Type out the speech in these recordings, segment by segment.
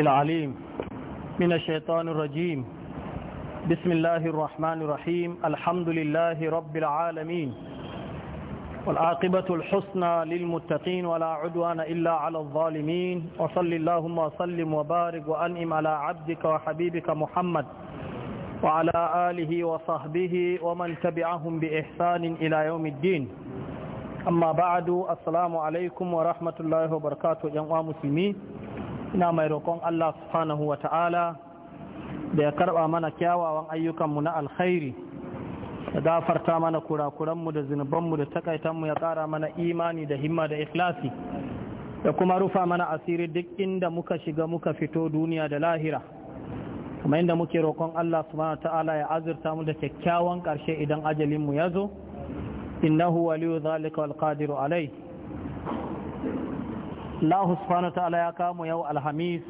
العليم من الشيطان الرجيم بسم الله الرحمن الرحيم الحمد لله رب العالمين والعاقبة الحسنى للمتقين ولا عدوان إلا على الظالمين وصل اللهم وسلم وبارك وأنئم على عبدك وحبيبك محمد وعلى آله وصحبه ومن تبعهم بإحسان إلى يوم الدين أما بعد السلام عليكم ورحمة الله وبركاته يا مسلمين ina mai roƙon Allah subhanahu wa ta'ala da ya karɓa mana kyawawan ayyukanmu na alkhairi da gafarta mana kurakuranmu da zunubanmu da takaitanmu ya ƙara mana imani da himma da ikhlasi da kuma rufa mana asiri duk inda muka shiga muka fito duniya da lahira kuma inda muke roƙon Allah subhanahu wa ta'ala ya azurta mu da kyakkyawan ƙarshe idan ajalinmu ya zo innahu waliyu zalika alkadiru alai Allah subhanahu wa ta'ala ya kamo yau alhamis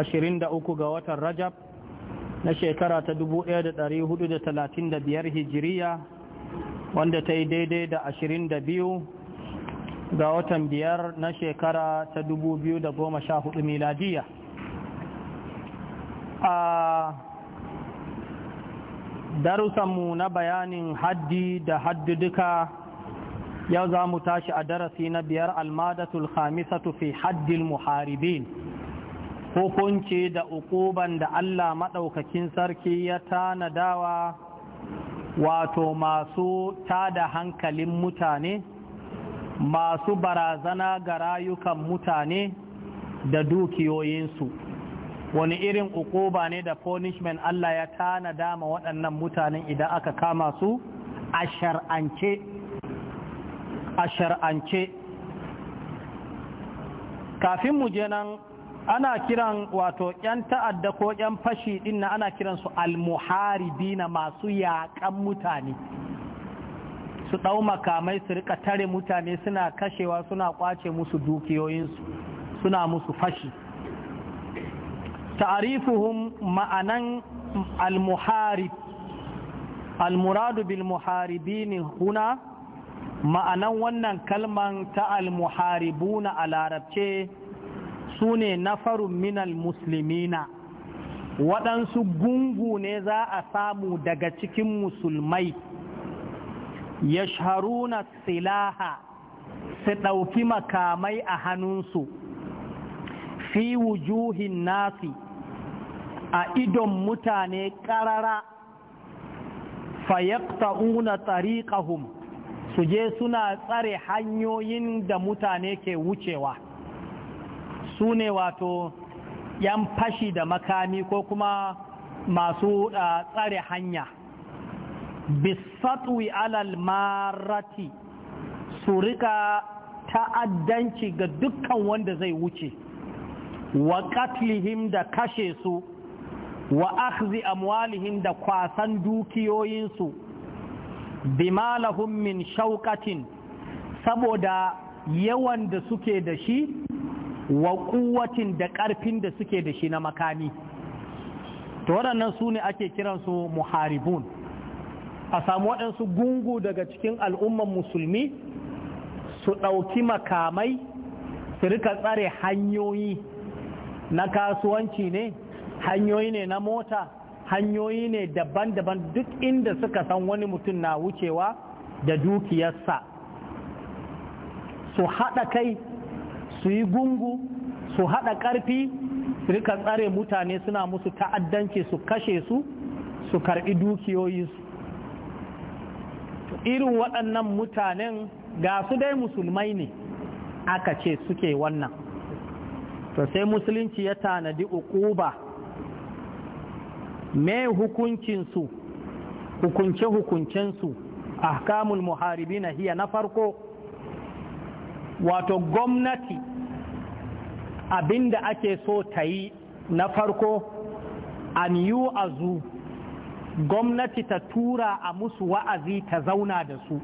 23 ga watan rajab na shekara ta 1435 hijiriya wanda ta yi daidai da 22 ga watan biyar na shekara ta 2014 miladiya a darusanmu na bayanin haddi da duka. yau za mu tashi a darasi na biyar almadatul khamisatu fi haddil muharibin hukunci da ukuban da Allah maɗaukakin sarki ya tanadawa wato masu tada hankalin mutane masu barazana ga rayukan mutane da dukiyoyinsu wani irin ukuba ne da punishment Allah ya tanada ma waɗannan mutanen idan aka kama su a shar'ance a shar'ance kafin mu je nan ana kiran wato 'yan ta'adda ko 'yan fashi din na ana su almuharibi na masu yaƙan mutane su ɗau makamai su rika tare mutane suna kashewa suna kwace musu dukiyoyinsu suna musu fashi ta'arifuhum ma'anan almuharib almuradu bil muharibin huna ma'anan wannan kalman ta almuharibuna a larabce su ne nafarun minal musulmina waɗansu gungu ne za a samu daga cikin musulmai ya sharuna silaha su ɗauki makamai a hannunsu fi wujuhin nasi a idon mutane ƙarara fayakta'una tariƙahum su je suna tsare hanyoyin da mutane ke wucewa su ne wato yan fashi da makami ko kuma masu tsare hanya bisatwi alal marati su rika ta'addanci ga dukkan wanda zai wuce wa katlihim da kashe su wa akhzi amwalihim da kwasan dukiyoyinsu bima lahum min saboda yawan da suke da shi wa ƙuwacin da ƙarfin da suke da shi na makami to waɗannan su ne ake kiransu muharibun a samu waɗansu gungu daga cikin al'umman musulmi su ɗauki makamai su rika tsare hanyoyi na kasuwanci ne hanyoyi ne na mota hanyoyi ne daban-daban duk inda suka san wani mutum na wucewa da dukiyarsa su haɗa kai su yi gungu su haɗa ƙarfi su rika tsare mutane suna musu ta'addanci su kashe su su karɓi dukiyoyinsu irin waɗannan mutanen ga su dai musulmai ne aka ce suke wannan to sai musulunci ya tanadi uku ba. me hukuncinsu hukunce-hukuncensu ahkamul muharibi na hiya na farko wato gwamnati abinda ake so ta yi na farko an yi azu gwamnati ta tura a musu wa'azi ta zauna da su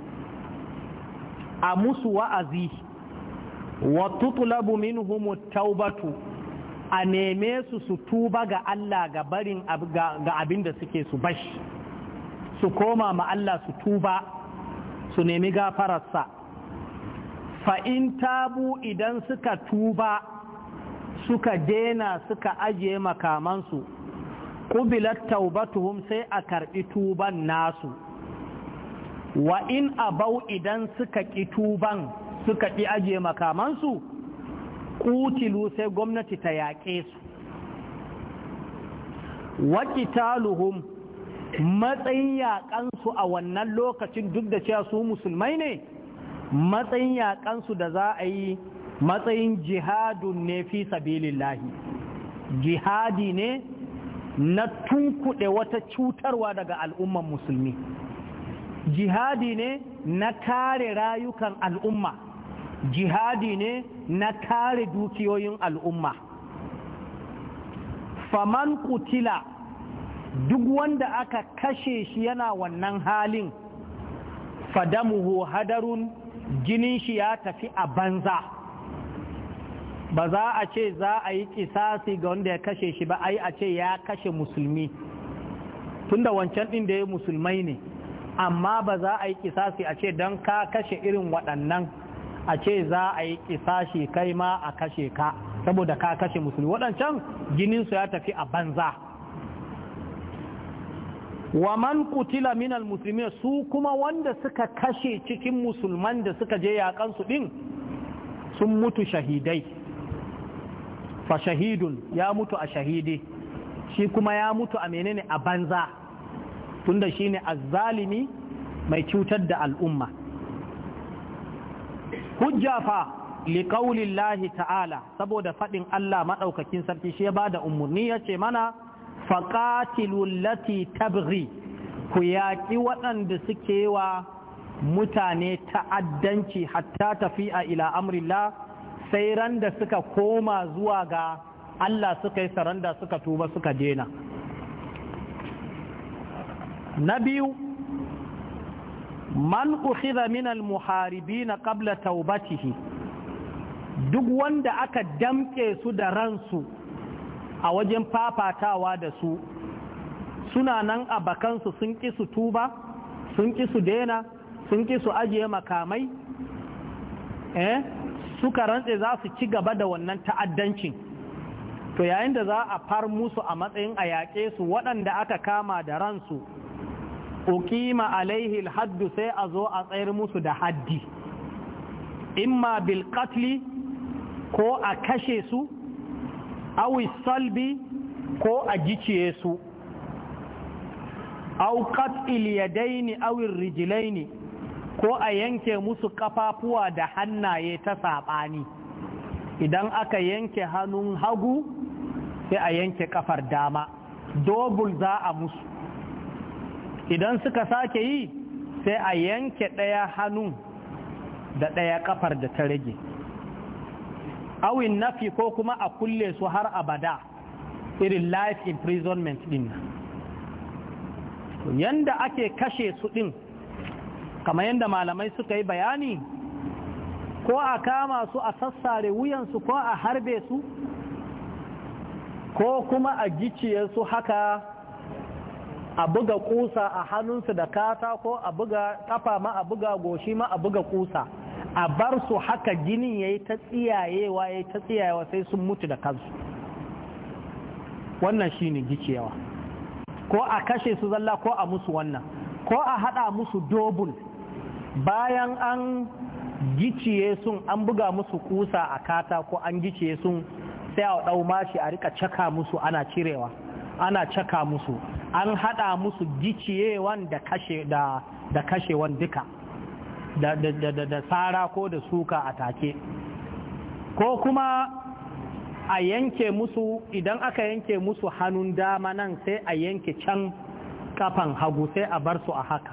a musu wa'azi wa tutulabu minhumu taubatu a neme su su tuba ga Allah ga barin ga abin da suke su bashi su koma ma Allah su tuba su nemi gafararsa fa'in tabu idan suka tuba suka dena suka ajiye makamansu ƙubilar taubatuhum sai a karɓi tuban nasu wa in abau idan suka ƙi tuban suka ƙi ajiye makamansu kutilu sai gwamnati ta yaƙe su waƙi taluhun matsayin yaƙansu a wannan lokacin duk da cewa su musulmai ne matsayin yaƙansu da za a yi matsayin jihadun ne fi sabilillahi jihadi ne na tunkuɗe wata cutarwa daga al'umman musulmi jihadi ne na kare rayukan al'umma jihadi ne na kare dukiyoyin al'umma faman kutila duk wanda aka kashe shi yana wannan halin fadamuhu hadarun jinin shi ya tafi a banza ba za a ce za a yi kisasi ga wanda ya kashe shi ba ai a ce ya kashe musulmi tunda wancan ɗin da ya musulmai ne amma ba za a yi kisasi a ce don ka kashe irin waɗannan a ce za a yi kisashi kai ma a kashe ka saboda ka kashe musulmi waɗancan jininsu ya tafi a banza wa man kutila minal musulmi su kuma wanda suka kashe cikin musulman da suka je yaƙansu ɗin sun mutu shahidai fa shahidun ya mutu a shahidi shi kuma ya mutu a menene a banza tunda shine azzalimi mai cutar da al'umma hujja fa liƙaulillahi ta'ala saboda fadin Allah maɗaukakin sarki shi ya bada umurni umarni ya ce mana tabghi ku yaƙi waɗanda suke wa mutane ta'addanci hatta tafi'a ila amrillah sai ran da suka koma zuwa ga Allah suka yi saranda suka tuba suka dena na biyu man ukhidha min al-muharibin qabla taubatihi duk wanda aka damke su da ransu a wajen fafatawa da su suna nan a bakansu sun ƙi su tuba sun ƙi su dena sun ƙi su ajiye makamai eh suka rantse za su ci gaba da wannan ta'addanci? to yayin da za a far musu a matsayin a yaƙe su waɗanda aka kama da ransu uqima alaihi haddu sai a zo a tsayar musu da haddi imma bil qatli ko a kashe su awi salbi ko a giciye su aw qat'il yadaini aw rijlaini ko a yanke musu kafafuwa da hannaye ta sabani idan aka yanke hannun hagu sai a yanke kafar dama dobul za a musu idan suka sake yi sai a yanke ɗaya hannu da ɗaya ƙafar da ta rage awin nafi ko kuma a kulle su har abada irin life imprisonment ɗin yanda ake kashe su ɗin kama yanda malamai suka yi bayani ko a kama su a sassare wuyansu ko a harbe su ko kuma a gicciye haka a buga kusa a hannunsu da katako a buga kafa ma a buga goshi ma a buga kusa a bar su haka jinin ya yi ta tsiyayewa ya yi ta tsiyayewa sai sun mutu da kansu wannan shi ne gicewa ko a kashe su zalla ko a musu wannan ko a haɗa musu dobul bayan an giciye sun an buga musu kusa a katako an giciye sun sai a dau mashi a rika caka musu ana cirewa ana caka musu an haɗa musu giciyewan da kashe da kashewan duka da tsara ko da suka a take ko kuma a yanke musu idan aka yanke musu hannun dama nan sai a yanke can kafan hagu sai a bar su a haka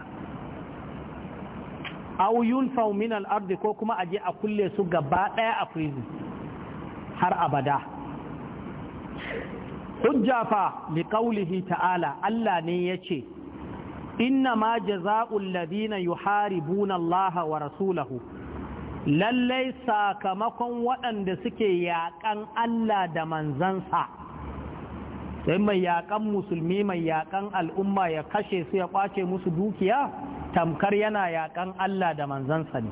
au yunfau min ko kuma a je a kulle su gaba ɗaya a prison har abada hujja fa ta'ala Allah ne yace inna ma jaza'ul ladina yuharibuna Allah wa rasulahu lallai sakamakon waɗanda suke yaƙan Allah da manzansa sai mai yaƙan musulmi mai yaƙan al'umma ya kashe su ya ƙwace musu dukiya tamkar yana yaƙan Allah da manzansa ne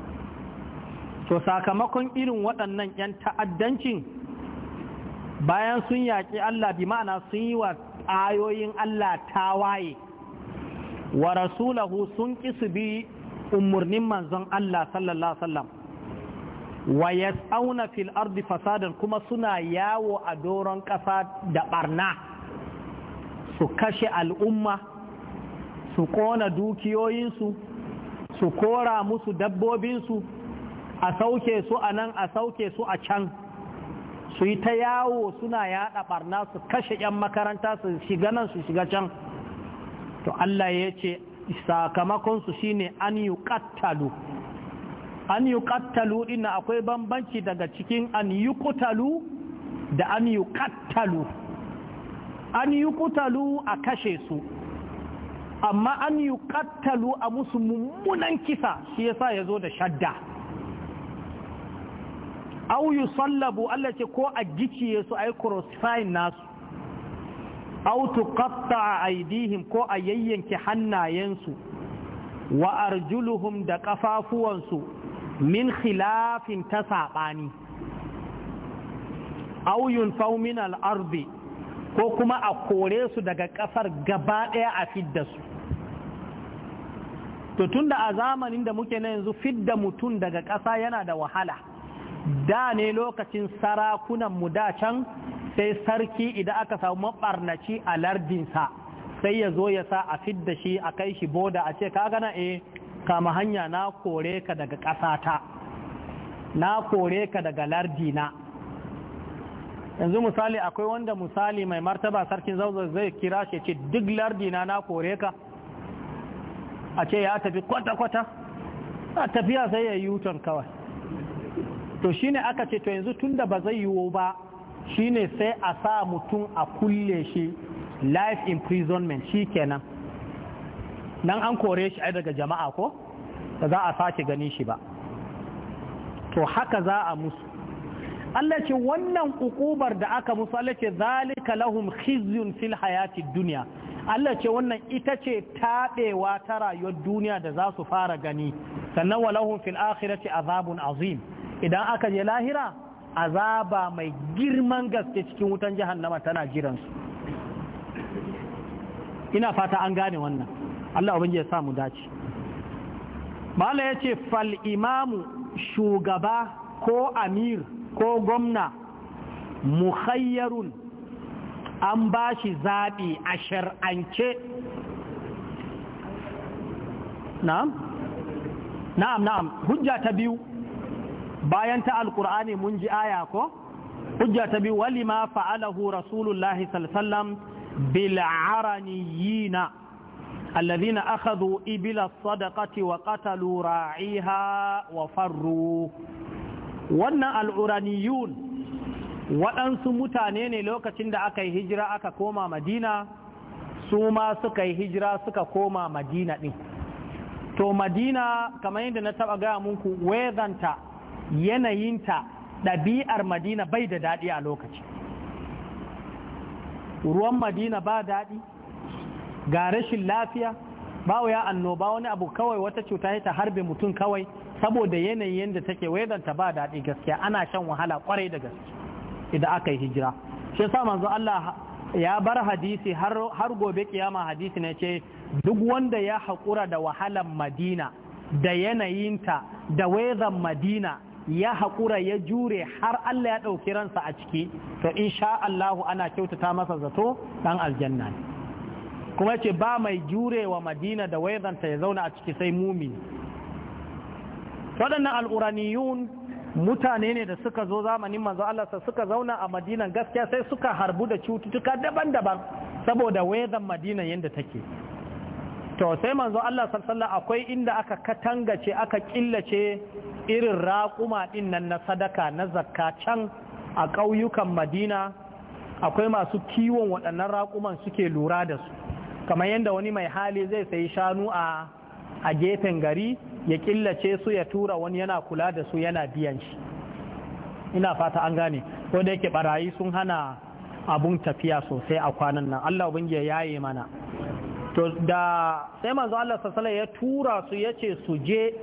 to sakamakon irin waɗannan 'yan ta'addancin bayan sun yaƙi Allah bi ma'ana sun yi wa ayoyin Allah tawaye wa rasulahu sun ƙi su bi umarnin manzon Allah sallallahu sallam wa yas'auna fil ardi fasadan kuma suna yawo a doron ƙasa da ɓarna su kashe al'umma su ƙona dukiyoyinsu su kora musu dabbobinsu a sauke su a nan a sauke su a can su yi ta yawo suna yaɗa ɓarna su kashe 'yan makaranta su shiga nan su shiga can to Allah ya ce sakamakonsu shine an yi kattalu an yi kattalu ina akwai bambanci daga cikin an yi kutalu da an yi kattalu an yi kutalu a kashe su amma an yi kattalu a musu mummunan kisa shi yasa ya zo da shadda au sallabu Allah ce ko a giciye su ai crossfire nasu au a aidihim ko a yayyanki hannayensu wa arjuluhum da kafafuwansu min khilafin ta saɓani au yunfau min ko kuma a kore su daga ƙasar gaba ɗaya a fidda su to da a zamanin da muke na yanzu fidda mutum daga ƙasa yana da wahala da ne lokacin sarakunan mu da can sai sarki idan aka samu mabarnaci a lardinsa sai ya zo ya sa a fidda shi a kai shi boda a ce ka gana e eh, kama hanya na kore ka daga ƙasata na kore ka daga lardina yanzu misali akwai wanda misali mai martaba sarkin zauzo zai kira shi ce duk lardina na kore ka a ce ya tafi kwata-kwata a tafiya sai ya yi yuton kawai to ne aka ce to yanzu da ba zai yiwu ba shine sai a sa mutum a kulle shi life imprisonment shi kenan nan an kore shi ai daga jama'a ko ba za a sake gani shi ba to haka za a musu Allah ce wannan ukubar da aka musu Allah ce zalika lahum khizyun fil hayati dunya Allah ce wannan ita ce taɓewa ta rayuwar duniya da za su fara gani sannan walahun fil akhirati azabun azim idan aka je lahira azaba mai girman gaske cikin wutan jahannama tana jiransu ina fata an gane wannan Allah ubangiji ya samu dace mala ya ce fal imamu shugaba ko amir ko gwamna mukhayyarun an ba shi zaɓi a shar'ance na'am na'am na'am hujja ta biyu bayan ta alkur'ani mun ji aya ko hujja ta bi wali ma fa'alahu rasulullahi sallallahu bil araniyina alladhina akhadhu ibila sadaqati wa qatalu ra'iha wa farru wannan al'uraniyun waɗansu mutane ne lokacin da aka yi hijira aka koma madina su ma suka yi hijira suka koma madina ɗin to madina kamar yadda na taɓa gaya muku wezanta yanayinta ɗabi'ar madina bai da daɗi a lokaci ruwan madina ba daɗi ga rashin lafiya bawo ya annoba wani abu kawai wata cuta ta harbe mutum kawai saboda yanayin da take ta ba daɗi gaskiya ana shan wahala kwarai da gaske idan aka yi hijira shi yasa manzo Allah ya bar hadisi har gobe kiyama hadisi ne ce duk wanda ya haƙura da wahalan madina da yanayinta da wezan madina ya haƙura ya jure har Allah ya ɗauki ransa a ciki to in sha Allahu ana kyautata masa zato ɗan aljanna ne kuma ce ba mai jure wa madina da waizanta ya zauna a ciki sai mumi. waɗannan al'uraniyun mutane ne da suka zo zamanin manzo Allah sa suka zauna a madinan gaskiya sai suka harbu da cututtuka daban-daban saboda waizan madinan yadda take to sai manzo Allah sallallahu akwai inda aka katangace aka killace irin raƙuma din nan na sadaka na zakka can a ƙauyukan Madina akwai masu kiwon waɗannan raƙuman suke lura da su kamar yadda wani mai hali zai sayi shanu a a gefen gari ya killace su ya tura wani yana kula da su yana biyan shi ina fata an gane ko da yake barayi sun hana abun tafiya sosai a kwanan nan Allah ya yaye mana to da sai manzo Allah sassala ya tura su yace su je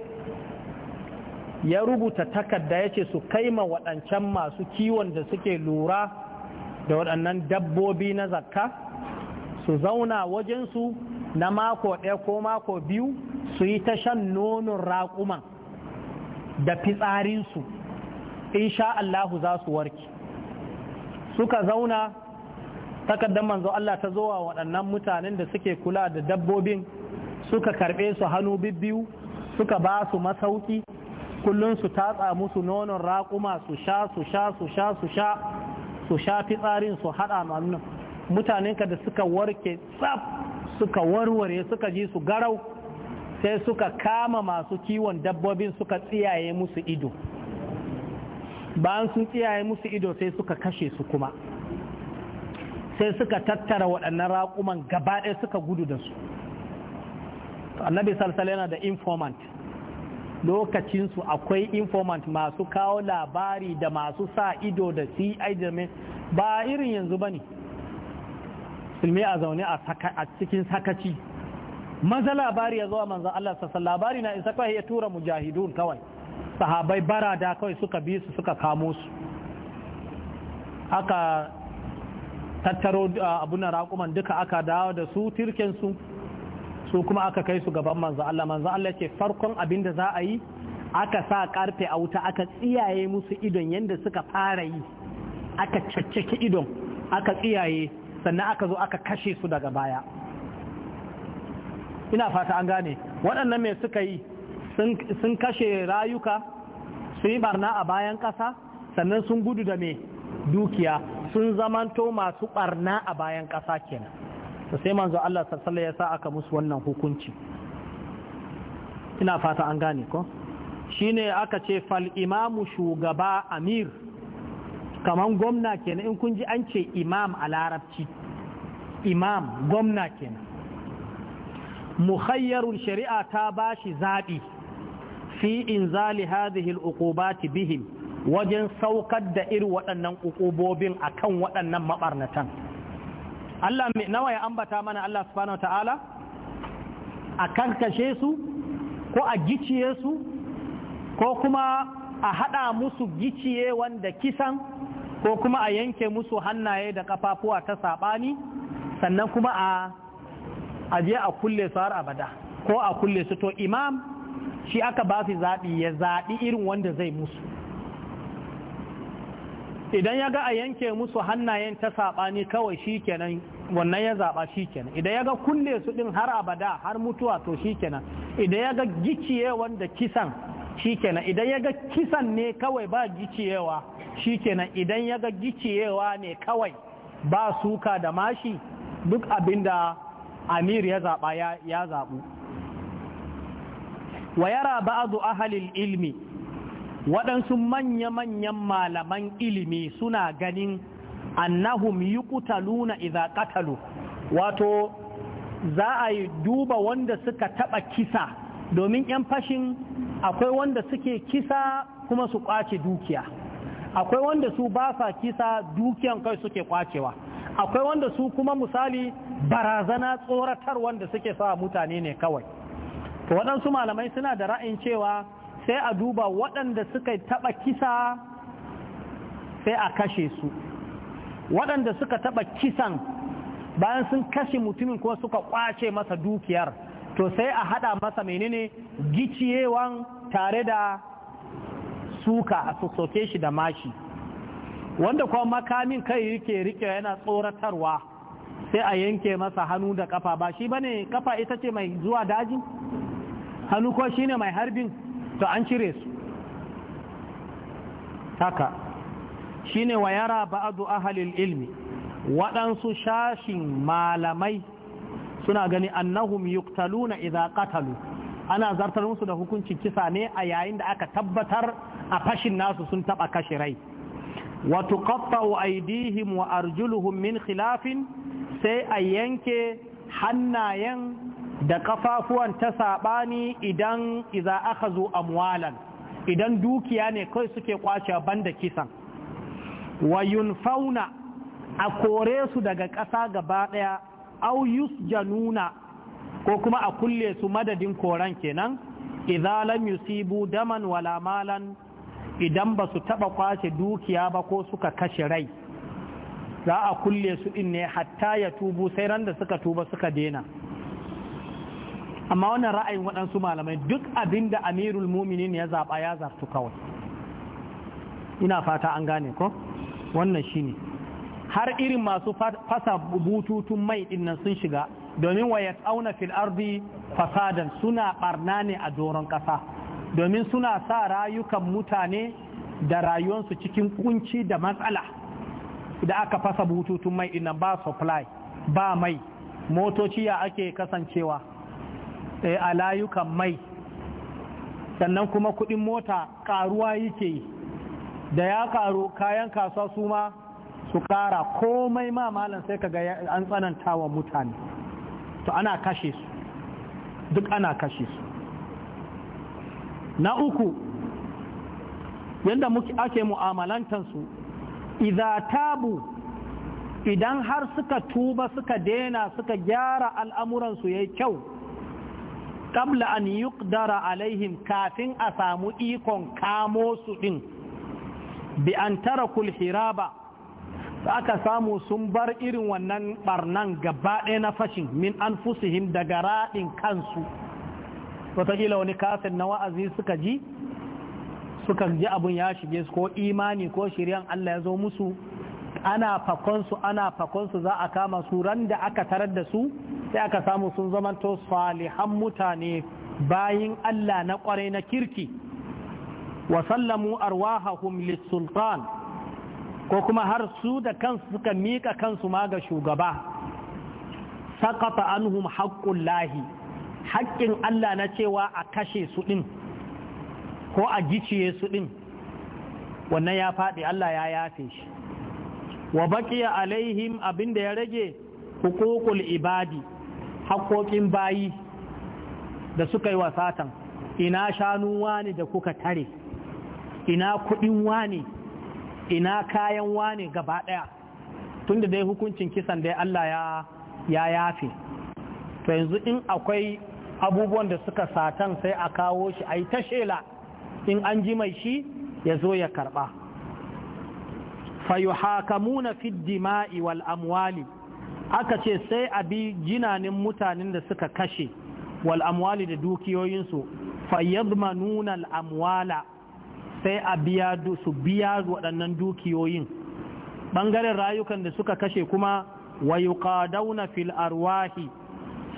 ya rubuta takarda yace su su kaima waɗancan masu kiwon da suke lura da waɗannan dabbobi na zakka su zauna wajen su na mako ɗaya ko mako biyu su yi ta shan nonon raƙuman da fitsarinsu insha Allahu za su warke suka zauna takardar manzo Allah ta zo wa waɗannan mutanen da suke kula da dabbobin suka karɓe su hannu bibbiyu suka ba su masauki kullum su tatsa musu nonon raƙuma su sha su sha su sha su sha su sha fitsarin su haɗa mannu mutanen ka da suka warke tsaf suka warware suka ji su garau sai suka kama masu kiwon dabbobin suka tsiyaye musu ido bayan sun tsiyaye musu ido sai suka kashe su kuma sai suka tattara waɗannan raƙuman gaba ɗaya suka gudu da su annabi salsala yana da informant lokacinsu akwai informant masu kawo labari da masu sa ido da ci mai ba irin yanzu ba ne a zaune a cikin sakaci maza labari ya zuwa manzan Allah sassa labari na isa kawai ya tura mujahidun kawai sahabai barada kawai suka bi su suka kamo su aka tattaro abunan raƙuman duka aka dawo da su tirkensu su kuma aka kai su gaban manzo Allah manzo Allah ce farkon abin da za a yi aka sa karfe a wuta aka tsiyaye musu idon yadda suka fara yi aka caccaki idon aka tsiyaye sannan aka zo aka kashe su daga baya ina fata an gane waɗannan mai suka yi sun kashe rayuka sun yi barna a bayan ƙasa sannan sun gudu da mai dukiya sun zamanto masu barna a bayan ƙasa kenan to sai manzo Allah sallallahu ya sa aka musu wannan hukunci ina fata an gane ko shine aka ce fal imamu shugaba amir kaman gwamna kenan in kun ji an ce imam a larabci imam gwamna kenan mukhayyarul shari'a ta bashi zaɓi fi inzali hadhihi al-uqubati bihim wajen saukar da irin waɗannan a akan waɗannan maɓarnatan Allah nawa ya ambata mana Allah subhanahu ta'ala a karkashe su ko a giciye su ko kuma a haɗa musu giciye wanda kisan ko kuma a yanke musu hannaye da ƙafafuwa ta saɓani sannan kuma a aje a kulle su har abada ko a kulle su to imam shi aka ba su zaɓi ya zaɓi irin wanda zai musu idan ya ga a yanke musu hannayen ta saɓani kawai shi kenan wannan ya zaɓa shi idan ya ga kulle su ɗin har abada har mutuwa to shi kenan idan ya ga giciyewan da kisan shi idan ya ga kisan ne kawai ba giciyewa shi idan ya ga giciyewa ne kawai ba suka da mashi duk abin da amir ya zaɓa ya zaɓu wa yara ba'adu ahalil ilmi waɗansu manya-manyan malaman ilimi suna ganin annahum yuqtaluna iza katalu wato za a yi duba wanda suka taɓa kisa domin yan fashin akwai wanda suke kisa kuma su kwace dukiya akwai wanda su ba sa kisa dukiyan kai suke kwacewa akwai wanda su kuma misali barazana tsoratar wanda suke sa mutane ne kawai waɗansu malamai suna da ra'in cewa sai a duba waɗanda suka taɓa kisa sai a kashe su waɗanda suka taɓa kisan bayan sun kashe mutumin kuma suka ƙwace masa dukiyar to sai a haɗa masa menene giciyewan tare da suka a sossoke shi da mashi wanda kuma makamin kai yake rike yana tsoratarwa sai a yanke masa hannu da kafa ba shi bane kafa ita ce mai zuwa daji hannu ko shine mai harbin to an cire su haka ne wa yara ba'adu ahalil ilmi waɗansu shashin malamai suna gani annahum yuktalu idza qatalu ana zartar musu da hukuncin kisa ne a yayin da aka tabbatar a fashin nasu sun taba kashe rai wa tuqatta'u aydihim wa arjuluhum min khilafin sai a yanke hannayen da kafafuwan ta saɓani idan iza aka zo amwalan idan dukiya ne kai suke kwace banda kisan wayun fauna a kore su daga ƙasa gaba ɗaya au januna ko kuma a kulle su madadin koran kenan idza lam yusibu daman wala malan idan ba su taɓa kwace dukiya ba ko suka kashe rai za a kulle su ɗin ne hatta ya tubu sai ran da suka tuba suka dena amma wannan ra'ayin waɗansu malamai duk abin da amirul muminin ya zaɓa ya zartu kawai ina fata an gane ko wannan shine har irin masu fasa bututun mai ɗinnan sun shiga domin wa tsauna fil fasadan suna barna ne a doron ƙasa domin suna sa rayukan mutane da rayuwarsu cikin kunci da matsala da aka fasa bututun mai ɗinnan ba supply ba mai motoci ya ake kasancewa a layukan mai sannan kuma kudin mota karuwa yake da ya karu kayan kasuwa su ma su kara komai ma malam sai kaga an tsananta mutane to ana kashe su duk ana kashe su na uku yadda muke ake mu'amalantansu idan tabu idan har suka tuba suka dena suka gyara al'amuransu ya yi kyau qabla an yuqdara alaihim kafin a samu ikon kamo su din bi an tarakul hiraba aka samu sun bar irin wannan barnan gaba ɗaya na fashin min an fusihim daga raɗin kansu wataƙila wani kafin na wa'azi suka ji suka ji abun ya shige su ko imani ko shiryan Allah ya zo musu ana fakonsu ana fakonsu za a kama su ran da aka tarar da su sai aka samu sun zamanto salihan mutane bayin Allah na kwarai na kirki wa sallamu arwahahum Sultan ko kuma har su da kansu suka mika kansu ma ga shugaba saqata anhum haqqul lahi haƙƙin Allah na cewa a kashe su din ko a giciye su din wannan ya faɗi Allah ya yafe shi wa baqiya alaihim abinda ya rage hukukul ibadi hakokin bayi da suka yi wasatan ina shanu wani da kuka tare ina kudin wani ina kayan wani gaba ɗaya tunda dai hukuncin kisan da Allah ya ya yafe to yanzu in akwai abubuwan da suka satan sai a kawo shi a yi ta shela in an ji mai shi ya zo ya karɓa fayuhakamuna fi dima'i wal amwali aka ce sai a bi jinanin mutanen da suka kashe wal amwali da dukiyoyinsu fayyadmanuna al amwala sai a biya su biya waɗannan dukiyoyin ɓangaren rayukan da suka kashe kuma wa fil arwahi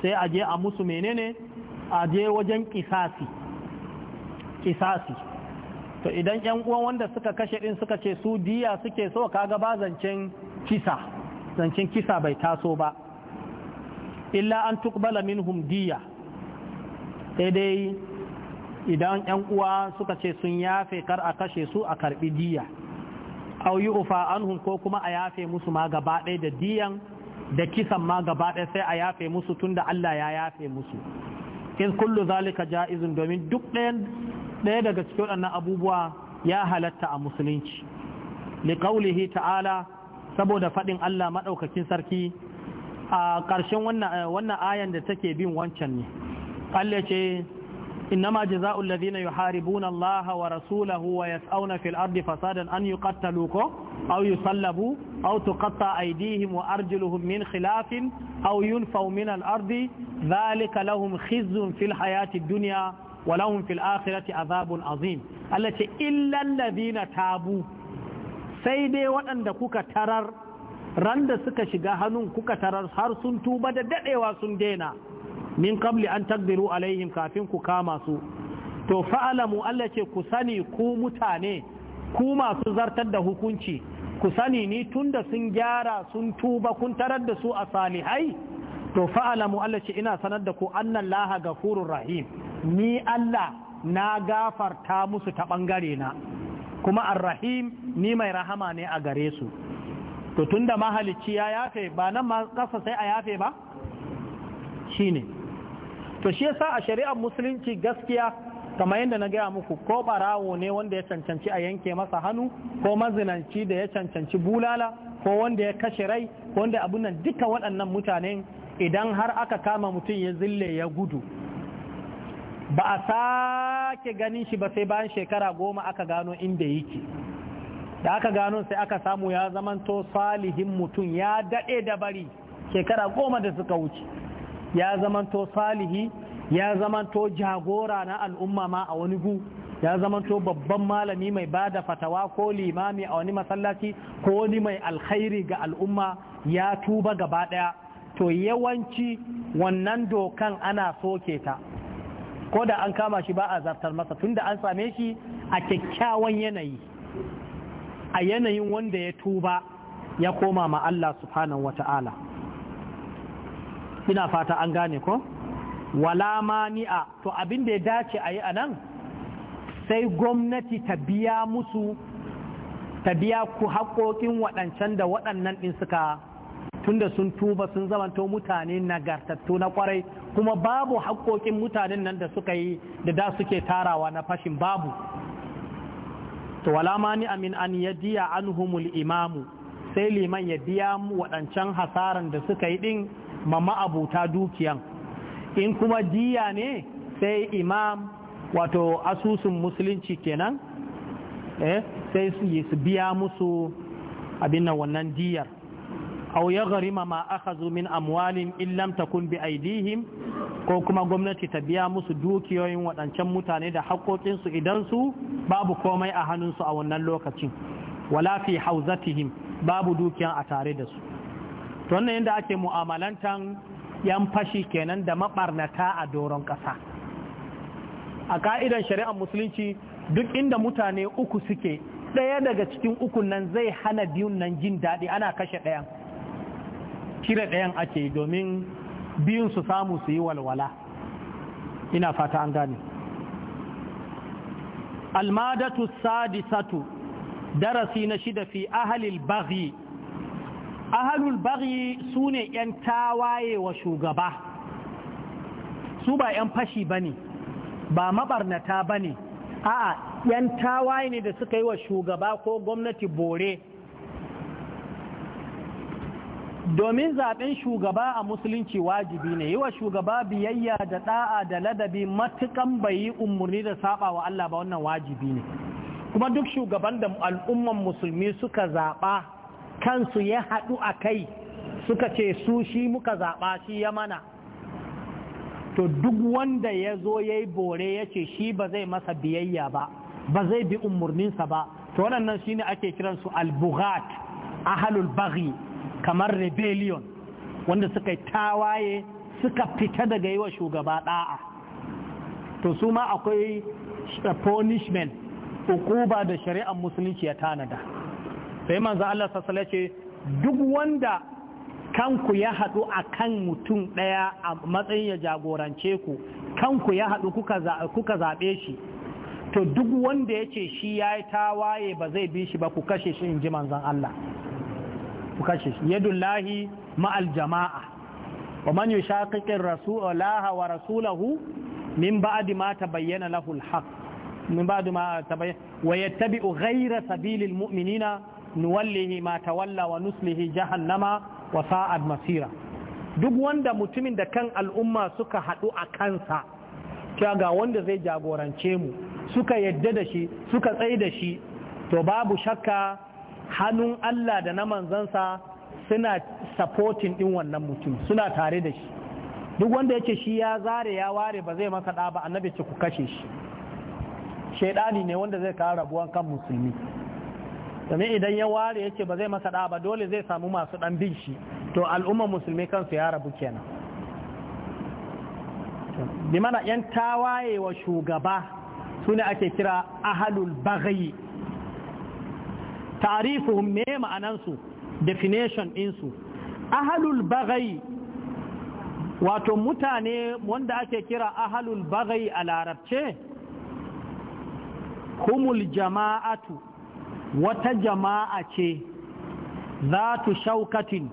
sai a je a musu menene a je wajen kisasi kisasi to idan yan uwan wanda suka kashe din suka ce su diya suke so kaga ba zancen kisa zancen kisa bai taso ba illa an tuqbala minhum diya sai idan yan uwa suka ce sun yafe kar a kashe su a karbi diya au yi ufa anhum ko kuma a yafe musu ma gaba ɗaya da diyan da kisan ma gaba ɗaya sai a yafe musu tunda Allah ya yafe musu in kullu zalika ja'izun domin duk ɗayan ɗaya daga cikin waɗannan abubuwa ya halatta a musulunci liƙaulihi ta'ala saboda faɗin Allah maɗaukakin sarki a ƙarshen eh, wannan ayan da take bin wancan ne Allah ce innama jaza'ul ladina yuharibuna Allah wa rasulahu wa yas'auna fil ardi fasadan an yuqtalu ko aw yusallabu aw tuqatta aydihim wa arjuluhum min khilafin au yunfaw min arzi ardi dhalika lahum khizyun fil hayati duniya. walahum fil akhirati azabun azim Allah ce illal ladina tabu sai dai waɗanda kuka tarar ran da suka shiga hannu kuka tarar har sun tuba da dadewa sun daina min qabli an taqdiru alaihim kafin ku kama su to fa'alamu Allah ce ku sani ku mutane ku masu zartar da hukunci ku sani ni tunda sun gyara sun tuba kun tarar da su a salihai to fa'alamu Allah ce ina sanar da ku annan laha gafurur rahim ni Allah na gafarta musu ta ɓangare na kuma arrahim ni mai rahama ne a gare su to tunda mahalicci ya yafe ba nan ma kasa sai a yafe ba Shi ne, to shi yasa a shari'ar musulunci gaskiya kamar yadda na gaya muku ko barawo ne wanda ya cancanci a yanke masa hannu ko mazinanci da ya cancanci bulala ko wanda ya kashe rai ko wanda abun nan duka waɗannan mutanen idan har aka kama mutum ya zille ya gudu ba a sake ganin shi ba sai bayan shekara goma aka gano inda yake da aka gano sai aka samu ya zamanto salihin mutum ya daɗe da bari shekara goma da suka wuce ya zamanto salihi ya zamanto jagora na al'umma ma a wani gu ya zamanto babban malami mai ba da fatawa ko limami a wani masallaci ko wani mai alkhairi ga al'umma ya tuba gaba ɗaya to yawanci wannan dokan ana soke ta ko da an kama shi ba a zartar masa tunda an same shi a kyakkyawan yanayi a yanayin wanda ya tuba ya koma ma Allah subhanahu wata'ala ina fata an gane ko wala mani'a to abin da ya dace a yi a nan sai gwamnati ta biya musu ta biya ku haƙoƙin waɗancan da waɗannan ɗin suka tunda sun tuba sun zamanto mutane nagartattu na kwarai kuma babu haƙoƙin mutanen nan da suka yi da da suke tarawa na fashin babu to wala mani amin an yadiya anhumul imamu sai liman yadiya biya waɗancan hasaran da suka yi ɗin ma ma'abuta dukiyan in kuma diya ne sai imam wato asusun musulunci kenan eh sai su biya musu abin nan wannan diyar aw gari ma akhadhu min amwalin in lam takun bi aidihim ko kuma gwamnati ta biya musu dukiyoyin waɗancan mutane da haƙoƙinsu idan su babu komai a hannunsu a wannan lokacin wala fi hauzatihim babu dukiyan a tare da su to wannan yadda ake mu'amalantan yan fashi kenan da maɓarnata a doron ƙasa a ka'idan shari'ar musulunci duk inda mutane uku suke ɗaya daga cikin ukun nan zai hana biyun nan jin daɗi ana kashe ɗayan Kira ɗayan ake domin biyun su samu su yi walwala ina fata an gane almadatu sadisatu darasi na shida fi ahalil baghi ahalul baghi su ne 'yan tawaye wa shugaba su ba 'yan fashi ba ne ba mabarnata ba ne a'a 'yan tawaye ne da suka yi wa shugaba ko gwamnati bore domin zaɓen shugaba a musulunci wajibi ne yi wa shugaba biyayya da da'a da ladabi matukan bayi umarni da saba wa Allah ba wannan wajibi ne kuma duk shugaban da al'umman musulmi suka zaɓa kansu ya haɗu a kai suka ce su shi muka zaɓa shi ya mana to duk wanda ya zo ya yi bore ya ce shi ba zai masa biyayya ba ba zai bi umarninsa ba to waɗannan ne ake kiransu al-bughat ahalul baghi kamar rebellion wanda suka yi tawaye suka fita daga yi wa shugaba da'a to su ma akwai punishment hukuba da shari'ar musulunci ya tanada sai manzo Allah sassala ce duk wanda kanku ya haɗu a kan mutum ɗaya a matsayin ya jagorance ku kanku ya haɗu kuka zaɓe shi to duk wanda ya ce shi ya yi tawaye ba zai bi shi ba ku kashe shi in ji manzan Allah ku kashe shi yadullahi ma'al jama'a wa man yushaqiqir rasulaha wa rasulahu min ba'di ma tabayyana lahu al min ba'di ma tabayyana wa yattabi'u ghayra sabilin mu'minina nuwallihi ma tawalla wa nuslihi jahannama wa sa'ad masira duk wanda mutumin da kan al'umma suka haɗu a kansa cewa ga wanda zai jagorance mu suka yadda da shi suka tsaye da shi to babu shakka hannun Allah da na manzansa suna supportin din wannan mutum suna tare da shi duk wanda yake shi ya zare ya ware ba zai masa ɗa ba annabi ce ku kashe shi shaidani ne wanda zai kawo rabuwan kan musulmi domin idan ya ware yake ba zai masa ɗa ba dole zai samu masu ɗan bin shi to al'umma musulmi kansu ya rabu kenan bi mana yan tawaye wa shugaba su ne ake kira ahalul bagayi ta'rifuhum me ma'anansu definition ɗinsu ahalul bagai wato mutane wanda ake kira ahalul bagai a larabce humul jama'atu wata jama'a ce za tu shaukatin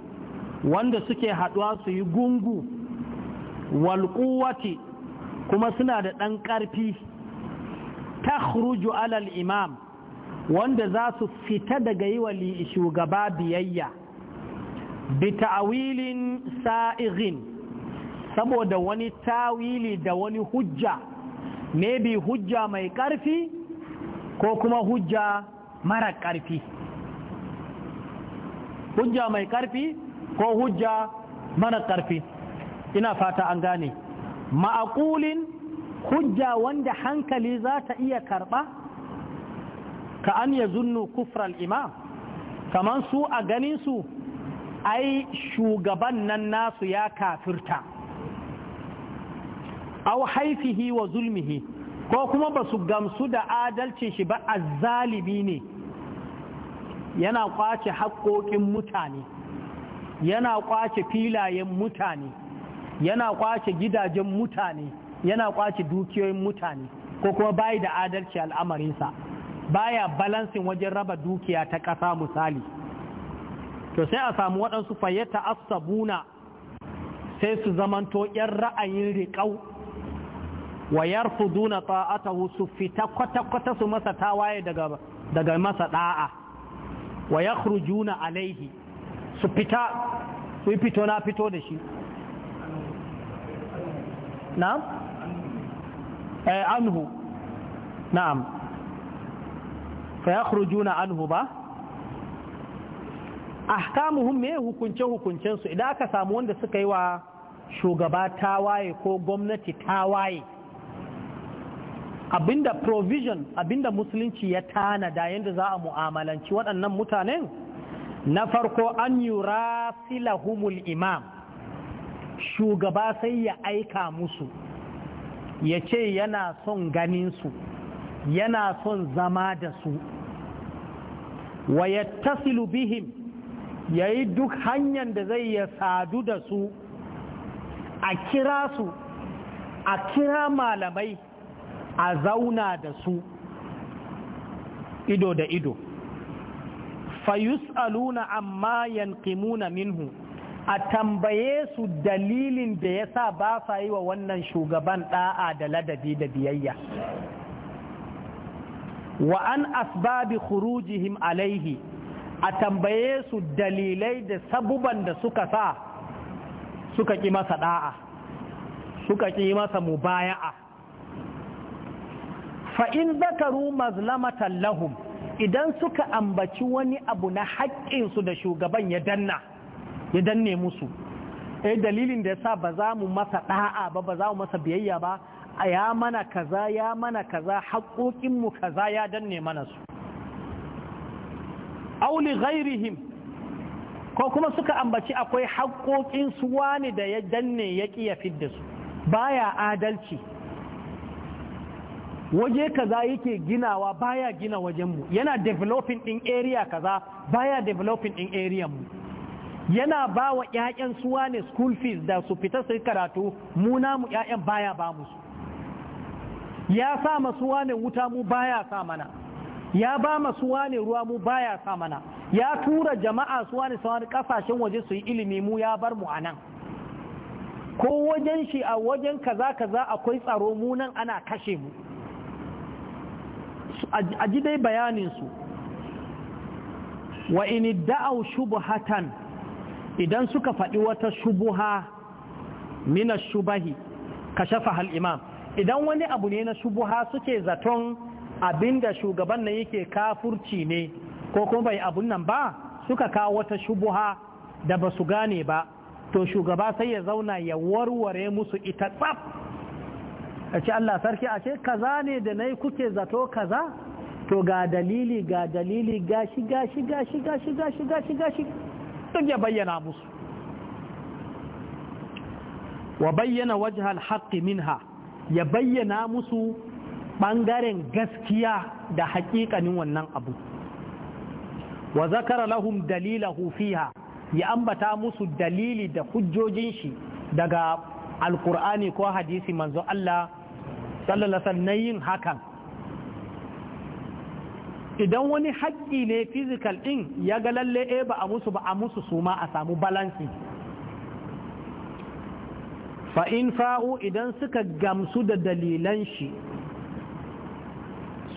wanda suke haɗuwa su yi gungu walƙuwati kuma suna da ɗan ƙarfi ta alal imam wanda za su fita daga yi wa shugaba biyayya bi ta'awilin sa'irin saboda wani tawili da wani hujja maybe hujja mai ƙarfi ko kuma hujja mara ƙarfi hujja mai ƙarfi ko hujja mara ƙarfi ina fata an gane ma'akulin hujja wanda hankali za ta iya karɓa ka an ya zunnu kufral imam kamar su a ganinsu ai shugaban nan nasu ya kafirta au haifihi wa zulmihi ko kuma ba su gamsu da adalcin shi ba azzalibi ne yana kwace haƙoƙin mutane yana kwace filayen mutane yana kwace gidajen mutane yana kwace dukiyoyin mutane ko kuma bayi da adalci al'amarinsa baya balansin wajen raba dukiya ta ƙasa misali to sai a samu waɗansu fayyata asabuna sai su zamanto ‘yan ra'ayin riƙau wa yarfuduna ta'atahu su fita kwata-kwata su masa tawaye daga daga masa ɗa'a wa yakhrujuna alaihi su fita su fito na fito da shi na'am eh anhu na'am fa yakhrujuna anhu ba ahkamuhum me hukunce hukuncen su idan aka samu wanda suka yi wa shugaba tawaye ko gwamnati tawaye abinda provision abinda musulunci ya tanada yadda za a mu'amalanci waɗannan mutanen na farko an yura silahumul imam shugaba sai ya aika musu ya ce yana son ganinsu yana son zama da su wa yattasilu bihim yayi duk hanyar da zai ya sadu da su a kira su a kira malamai a zauna da su ido da ido Fayus aluna amma yanqimuna minhu a tambaye su dalilin da yasa ba sa yi wa wannan shugaban da'a da ladabi da biyayya wa an asbabi khurujihim alaihi a tambaye su dalilai da sabuban da suka sa suka ƙi masa da'a suka ƙi masa mubaya'a fa in zakaru mazlamatan lahum idan suka ambaci wani abu na su da shugaban ya danna ya danne musu eh dalilin da yasa ba za mu masa da'a ba ba za mu masa biyayya ba a ya mana kaza ya mana kaza haƙoƙinmu kaza ya danne mana su auli ghairihim ko kuma suka ambaci akwai haƙoƙin su wani da ya danne ya ƙi ya fidda su baya adalci waje kaza yake ginawa baya gina wajenmu yana developing din area kaza baya developing din area mu yana ba wa 'ya'yan suwa ne school fees da su fita su karatu mu namu 'ya'yan baya ba musu ya sa masu wane wuta mu baya sa mana ya ba masu wane ruwa mu baya sa mana ya tura jama'a su wane sawani kasashen waje su yi ilimi mu ya bar mu anan, ko wajen shi a wajen kaza kaza akwai tsaro mu nan ana kashe mu a ji dai bayanin su wa in da'aw shubhatan idan suka faɗi wata shubuha mina shubahi kashafa hal imam idan wani abu ne na shubuha suke zaton abinda shugaban nan yake kafurci ne ko kuma bai abun nan ba suka kawo wata shubuha da ba su gane ba to shugaba sai ya zauna ya warware musu ita tsaf a ce Allah sarki a ce kaza ne da nai kuke zato kaza to ga dalili ga dalili gashi gashi gashi gashi gashi gashi gashi duk ya bayyana musu wa bayyana wajhal haqqi minha ya bayyana musu ɓangaren gaskiya da haƙiƙanin wannan abu wa zakara lahum dalilahu fiha ya ambata musu dalili da hujjojin shi daga alkur'ani ko hadisi manzo Allah sallallahu na yin hakan idan wani haƙƙi ne fizikal ɗin ya ga lalle e ba a musu ba a musu su ma a samu balansi fa in fa'u idan suka gamsu da dalilan shi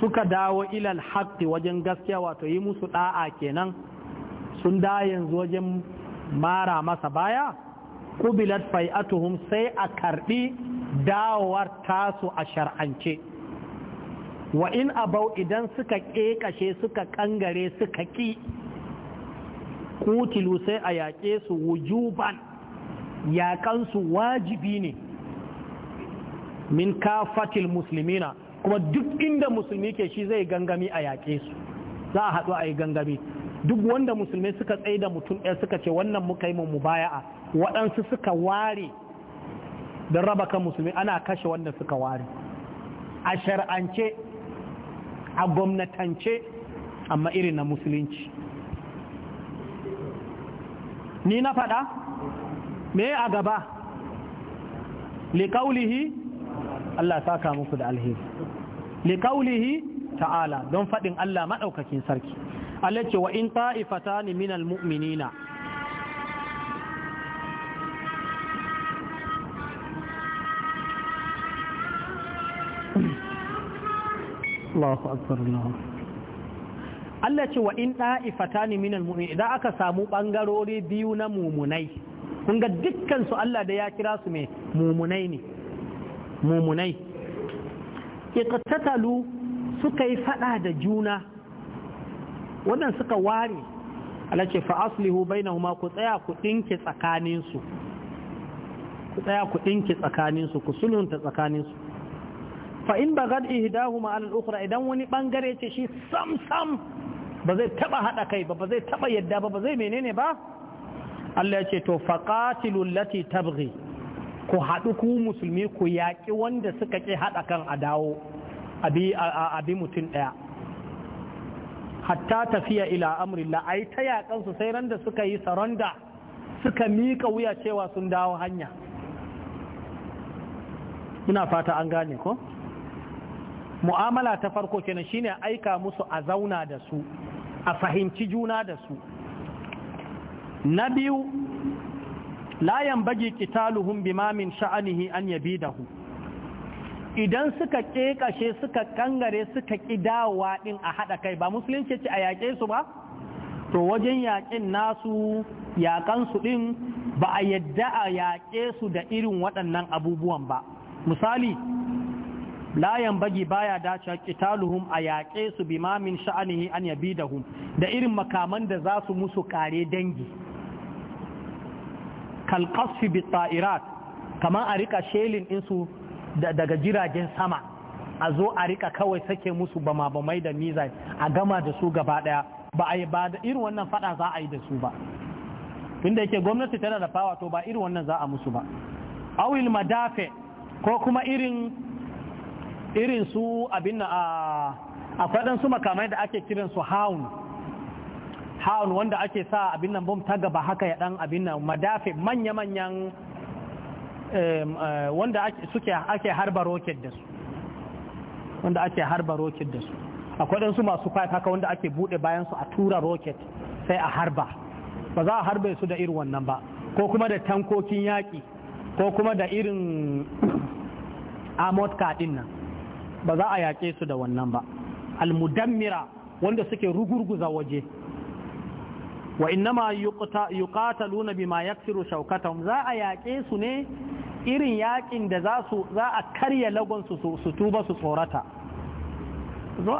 suka dawo ilal haqqi wajen gaskiya wato yi musu ɗa'a kenan sun da yanzu wajen mara masa baya kubilat fai'atuhum sai a karɓi dawowar tasu a shar'ance wa in abau idan suka ƙeƙashe suka kangare suka ƙi kutilu sai a yaƙe su wujuban yaƙansu wajibi ne min kafatil musulmina kuma duk inda musulmi ke shi zai gangami a yaƙe su za a haɗu a yi gangami duk wanda musulmi suka tsaye da mutum ɗaya suka ce wannan muka yi mu baya'a waɗansu suka ware don raba kan musulmi ana kashe wanda suka ware a shar'ance a gwamnatance amma irin na musulunci ni na faɗa me a gaba liƙaulihi Allah saka muku da alheri liƙaulihi ta'ala don faɗin Allah maɗaukakin sarki Allah ce wa in ta'ifata ni minal mu'minina Allahu akbar Allah Allah ce wa in ɗa'ifata ne minal idan aka samu ɓangarori biyu na mumunai kun ga dukkan Allah da ya kira su mai mumunai ne mumunai iqtatalu suka yi fada da juna wannan suka ware alake ce fa aslihu bainahuma ku tsaya ku dinki tsakanin su ku tsaya ku dinki tsakanin su ku sulhunta tsakanin su fa in bagad ihdahuma ala al-ukhra idan wani bangare ce shi sam sam ba zai taba hada kai ba ba zai taba yadda ba ba zai menene ba Allah ya ce to faqatilul lati tabghi ku haɗu ku musulmi ku yaƙi wanda suka ƙi haɗa kan a dawo abi mutum ɗaya hatta tafiya ila amrilla ai ta yaƙansu sai ran da suka yi saranda suka miƙa wuya cewa sun dawo hanya ina fata an gane ko mu'amala ta farko kenan shine aika musu a zauna da su a fahimci juna da su na biyu layan bagi kitaluhun bimamin sha'anihi an yabi dahu idan suka ƙeƙashe suka kangare suka ƙidawa ɗin a haɗa kai ba musulunci ce a yaƙe su ba to wajen yaƙin nasu yaƙansu ɗin ba a yadda a yaƙe su da irin waɗannan abubuwan ba misali layan bagi baya dace kitaluhum a yaƙe su bimamin sha'anihi an yabi da irin makaman da za su musu ƙare dangi kalkasfi bi ta'irat kamar a rika shelin insu daga jiragen sama a zo a rika kawai sake musu bama bamai da mizai a gama da su gaba daya ba a yi ba da irin wannan fada za a yi da su ba Tun tunda yake gwamnati tana da fawa to ba irin wannan za a musu ba awil madafe ko kuma irin irin su abin a akwai su makamai da ake kiran su hound ha'un wanda ake sa abin nan bom ta gaba haka ya dan abin nan madafi manya-manyan eh, wanda suke ake harba rocket da su wanda ake harba rocket da su akwai ɗansu masu pipe haka wanda ake buɗe bayan su a tura rocket sai a harba ba za a harba su da irin wannan ba ko kuma da tankokin yaƙi ko kuma da irin amot kaɗin nan ba za a yaƙe su da wannan ba al mudammira wanda suke rugurguza waje wa innama yuqataluna bima yaksiru shaukatahum za a yaƙe su ne irin yaƙin da za su za a karya lagon su su tuba su tsorata zo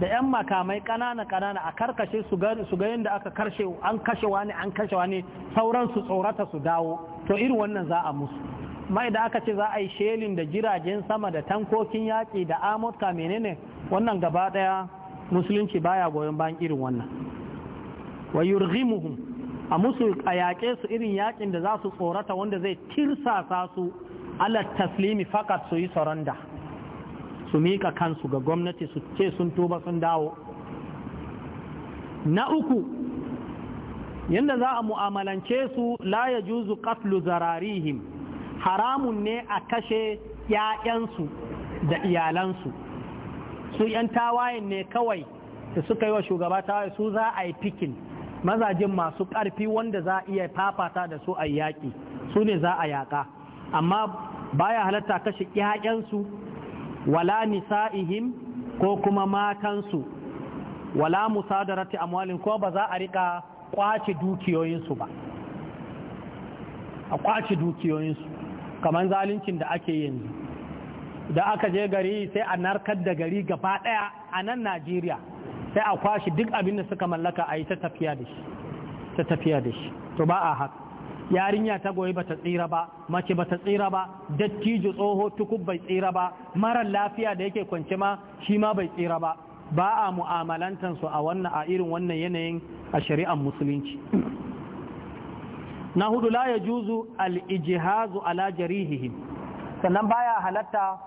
da yan makamai ƙanana ƙanana a karkashe su ga su ga yanda aka karshe an kashe wani an kashe wani sauran su tsorata su dawo to irin wannan za a musu mai da aka ce za a yi shelin da jiragen sama da tankokin yaƙi da amurka menene wannan gaba ɗaya musulunci baya goyon bayan irin wannan wa yurghimuhum a musu a yaƙe su irin yaƙin da za su tsorata wanda zai tirsasa su ala taslimi fakat su yi saranda su mika kansu ga gwamnati su ce sun tuba sun dawo na uku yadda za a mu'amalance su la ya juzu qatlu zararihim haramun ne a kashe 'ya'yansu da iyalansu su 'yan tawayen ne kawai da suka yi wa shugaba tawaye su za a yi fikin mazajin masu ƙarfi wanda za a iya fafata da su a yaƙi su ne za a yaƙa amma baya halatta kashe ƴaƴansu wala nisa'ihim ko kuma matansu wala musadarati amwalin ko ba za a riƙa ƙwace dukiyoyinsu ba a kwace dukiyoyinsu kamar zaluncin da ake yanzu da aka je gari sai a narkar da gari gaba ɗaya a nan najeriya sai a kwashi duk abin da suka mallaka a yi ta tafiya da shi to ba a haka yarinya ta goyi bata tsira ba mace bata tsira ba dattijo tsoho tukub bai tsira ba marar lafiya da yake kwance ma shi ma bai tsira ba ba a mu'amalantar su a wannan a irin wannan yanayin a shari'ar musulunci na hudu la ya juzu al'ijihazu ala jarihihi sannan baya halatta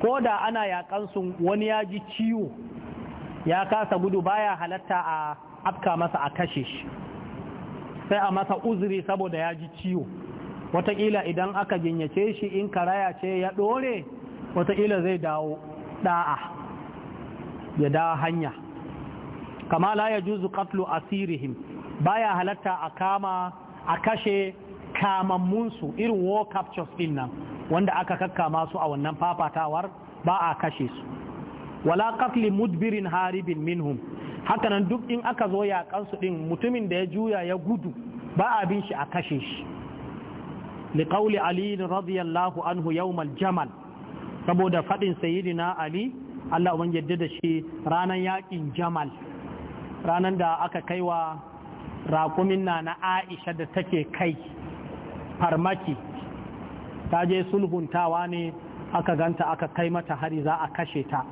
ko da ana yakan wani ya ji ciwo ya kasa gudu baya halatta a afka masa a kashe shi sai a masa uzuri saboda ya ji ciwo wataƙila idan aka jinyace shi in karaya ce ya ɗore wataƙila zai dawo ɗa'a ya dawo hanya kama la ya juzu qatlu asirihim baya halatta a kama a kashe kamammunsu irin war captures din nan wanda aka kakkama su a wannan fafatawar ba a kashe su wala qatli mudbirin haribin minhum hakanan duk in aka zo yaƙansu ɗin mutumin da ya juya ya gudu ba abin shi a kashe shi liƙauli ali radiyallahu anhu yawmal jamal saboda faɗin sayyidina ali Allah uban yadda da shi ranar yaƙin jamal ranar da aka kai wa raƙumin na na aisha da take kai farmaki ta je sulhuntawa ne aka ganta aka kai mata hari za a kashe ta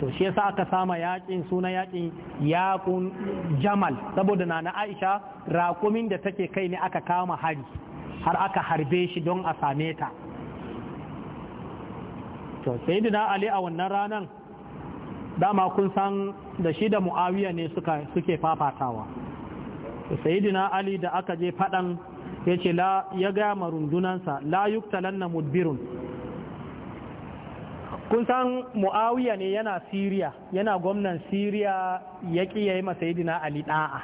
to shi yasa aka sama yakin suna yakin yakun jamal saboda na aisha raƙumin da take kai ne aka kama hari har aka harbe shi don a same ta to sayyidina ali a wannan ranan dama kun san da shi da muawiya ne suka suke fafatawa to sayyidina ali da aka je fadan yace la ya ga rundunansa la yuktalanna mudbirun kun san muawiya ne yana siriya yana gwamnan siriya ya ya yi masayidina ali ɗa'a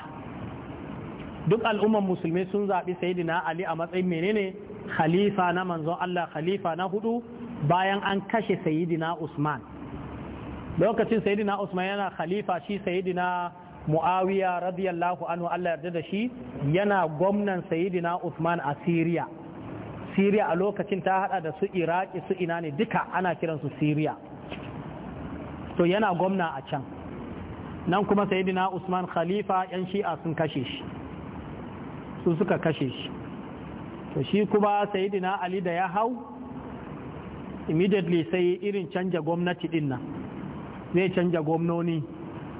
duk al'umman musulmi sun zaɓi sayidina ali a matsayin menene khalifa na manzon allah khalifa na hudu bayan an kashe sayidina usman lokacin sayidina usman yana khalifa shi sayidina muawiya radiyallahu anhu allah yarda da shi yana gwamnan sayidina usman a siriya Siriya a lokacin ta hada da su Iraki su ina ne duka ana kiransu Siriya. To yana gwamna a can. Nan kuma Sayyidina Usman Khalifa 'yan shi'a sun kashe shi. Su suka kashe shi. To shi kuma Sayyidina Ali da ya hau, immediately sai irin canja gwamnati din nan. Zai canja gwamnoni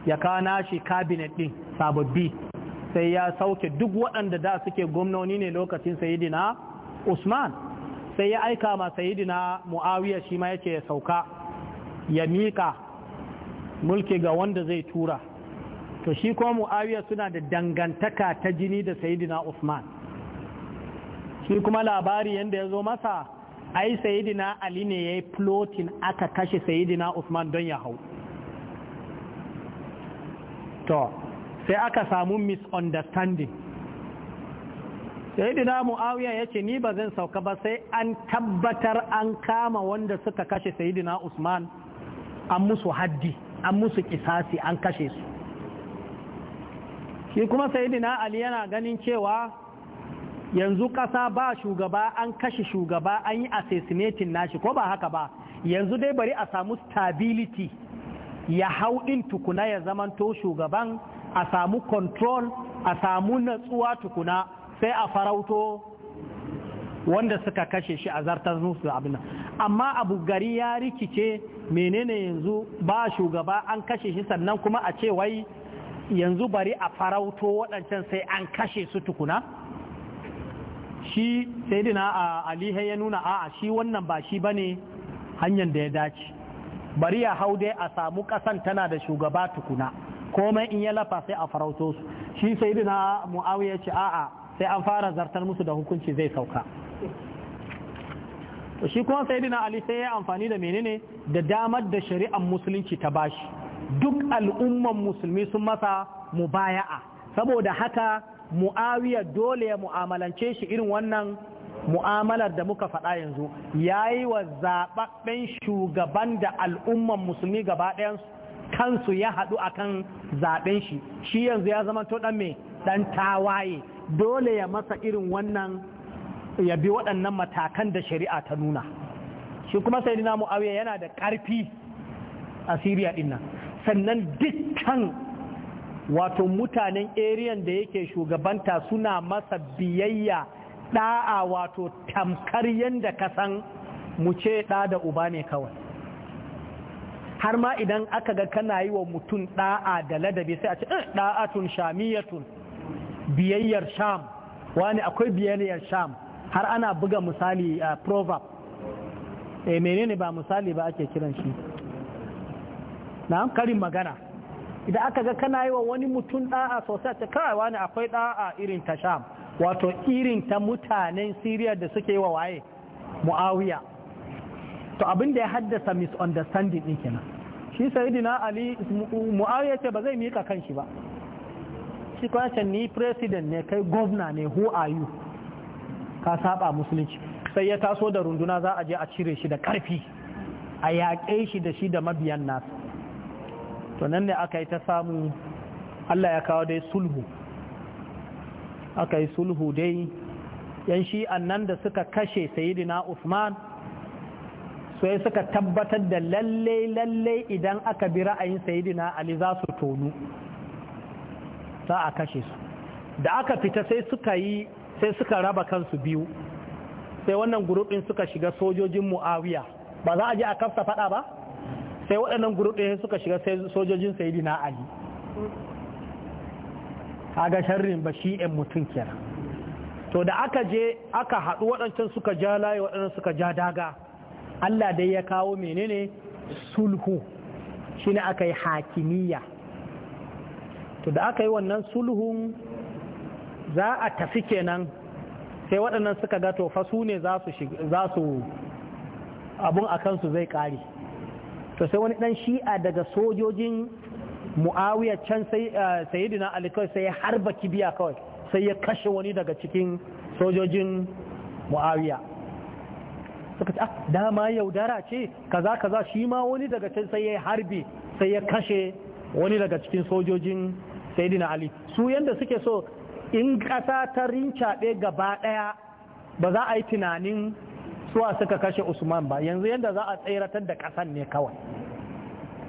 ya kana shi Kabinet din sababbi. sai ya sauke duk waɗanda da suke gwamnoni ne lokacin Sayyidina usman sai ya aika ma sayidina muawiya shi ma yace ya sauka ya miƙa mulki ga wanda zai tura to shi kuma muawiya suna da dangantaka ta jini da sayidina usman shi kuma labari yadda ya zo masa ai sayidina ali ne ya yi plotin aka kashe sayidina usman don ya hau to sai aka samu misunderstanding sayyidina muawiya ce ni ba zan sauka ba sai an tabbatar an kama wanda suka kashe sayyidina usman an musu haddi an musu kisasi an kashe su shi kuma sayyidina ali yana ganin cewa yanzu kasa ba shugaba an kashe shugaba an yi assassinating nashi ko ba haka ba yanzu dai bari a samu stability ya hau in tukuna ya zamanto shugaban a samu control a samu natsuwa tukuna sai a farauto wanda suka kashe shi a zartar musu abin amma abu gari ya rikice menene yanzu ba shugaba an kashe shi sannan kuma a ce wai yanzu bari a farauto waɗancan sai an kashe su tukuna shi sai dina a alihe ya nuna a shi wannan ba shi ba ne, hanyar da ya dace bari ya hau dai a samu kasan tana da shugaba tukuna komai in ya lafa sai a farauto su shi sai dina mu'awiya ce a'a sai an fara zartar musu da hukunci zai sauka shi kuma dina ali sai ya amfani da menene da damar da shari'ar musulunci ta bashi duk al'umman musulmi sun masa mubaya'a saboda haka mu'awiya dole ya mu'amalance shi irin wannan mu'amalar da muka faɗa yanzu ya yi wa zaɓaɓɓen shugaban da al'umman musulmi gaba kansu ya haɗu akan zaɓen shi shi yanzu ya zama to ɗan mai ɗan tawaye dole ya masa irin wannan ya bi waɗannan matakan da shari'a ta nuna shi kuma sai dina mu'awiya yana da ƙarfi a siriya ɗin sannan dukkan wato mutanen eriyan da yake shugabanta suna masa biyayya ɗa'a wato tamkar yadda ka san mu ce ɗa da uba ne kawai har ma idan aka ga kana yi wa mutum ɗa'a da ladabi sai a ce eh, ɗa'atun shamiyatun biyayyar sham wani akwai biyayyar sham har ana buga misali a proverb eh menene ba misali ba ake kiran shi na karin magana idan aka ga kana yi wa wani mutum da'a sosai ta kawai wani akwai da'a irin ta sham wato irin ta mutanen siriya da suke yi wa waye mu'awiya to abin da ya haddasa misunderstanding din kenan shi sayidina ali mu'awiya ce ba zai mika kanshi ba shi kwancin ni president ne kai governor ne who are you ka saba musulunci sai ya taso da runduna za a je a cire shi da karfi a yaƙe shi da shi da mabiyan nasu to nan ne aka yi ta samu Allah ya kawo dai sulhu aka yi sulhu dai yan shi'an nan da suka kashe sayidina Usman sai suka tabbatar da lalle lalle idan aka bi ra'ayin sayidina Ali za su tonu za a kashe su da aka fita sai suka yi sai suka raba kansu biyu sai wannan gurubin suka shiga sojojin muawiya ba za a je a kafta fada ba sai waɗannan gurubin suka shiga sojojin sayidina ali kaga sharrin ba shi ɗan mutum kenan to da aka je aka haɗu waɗancan suka ja layi waɗannan suka ja daga Allah dai ya kawo menene sulhu shine aka yi hakimiyya to da aka yi wannan sulhun za a tafi kenan sai waɗannan suka ga to fa su ne za su abun a kansu zai ƙare to sai wani ɗan shi'a daga sojojin mu'awiyar can sayidina eh, ali kawai sai ya harba kibiya kawai sai ya kashe wani daga cikin sojojin mu'awiya suka ce ah, dama yaudara ce kaza kaza shi ma wani daga can sai ya harbi sai ya kashe wani daga cikin sojojin Saidina ali su yanda suke so in ƙasa ta rincaɓe gaba ɗaya ba za a yi tunanin suwa suka kashe usman ba yanzu yanda za a tseratar da ƙasan ne kawai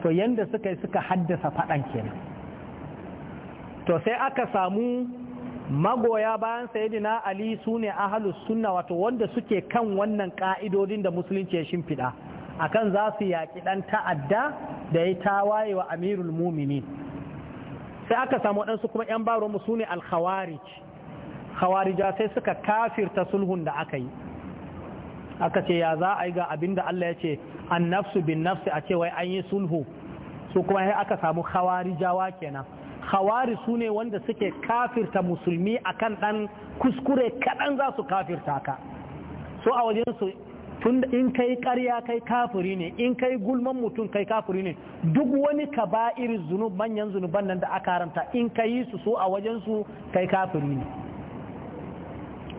to yanda suka yi suka haddasa faɗan kenan to sai aka samu magoya bayan sayidina ali su ne ahalus sunna wato wanda suke kan wannan ƙa'idodin da musulunci ya shimfiɗa akan za su yaƙi ɗan ta'adda da ya tawaye wa amirul muminin sai aka samu waɗansu kuma 'yan baro musu ne alkhawarij khawarija sai suka kafirta sulhun da aka yi aka ce ya za a yi ga abinda Allah ya ce an nafsu bin nafsi a ce wai an yi sulhu su kuma sai aka samu khawarijawa kenan khawari su ne wanda suke kafirta musulmi akan ɗan kuskure kaɗan za su kafirta ka so a wajen su tun in kai ƙarya kai kafiri ne in kai gulman mutum kai kafiri ne duk wani ka kaba'ir zunub manyan zunuban nan da aka haramta in ka yi su so a wajen su kai kafiri ne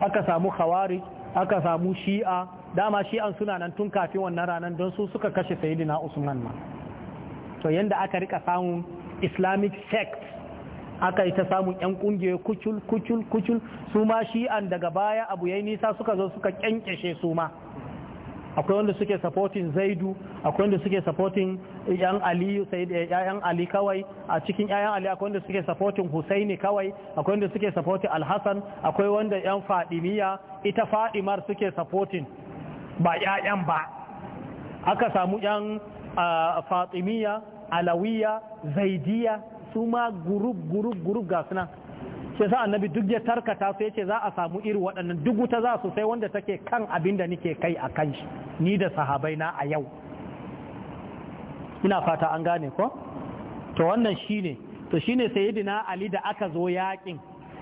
aka samu khawari aka samu shi'a dama shi'an suna nan tun kafin wannan ranar don su suka kashe sayidina usman ma to yanda aka rika samun islamic sect aka yi ta samun 'yan kungiyoyi kucul kucul kucul su ma shi'an daga baya abu yayi nisa suka zo suka kyankyashe su ma akwai wanda suke supporting zaidu akwai wanda suke supporting yan ali yayan ali kawai a cikin yayan ali akwai wanda suke supporting husaini kawai akwai wanda suke supporting alhassan akwai wanda yan fadimiya ita fadimar suke supporting ba yayan ba aka samu yan fatimiya alawiya zaidiya su ma gurub gurub gurub ga sunan shi sa annabi duk ya tarkata sai ce za a samu iri waɗannan duk wuta za su sai wanda take kan abin da nike kai a kan shi ni da sahabai na a yau ina fata an gane ko to wannan shine to shine sayyidina ali da aka zo yakin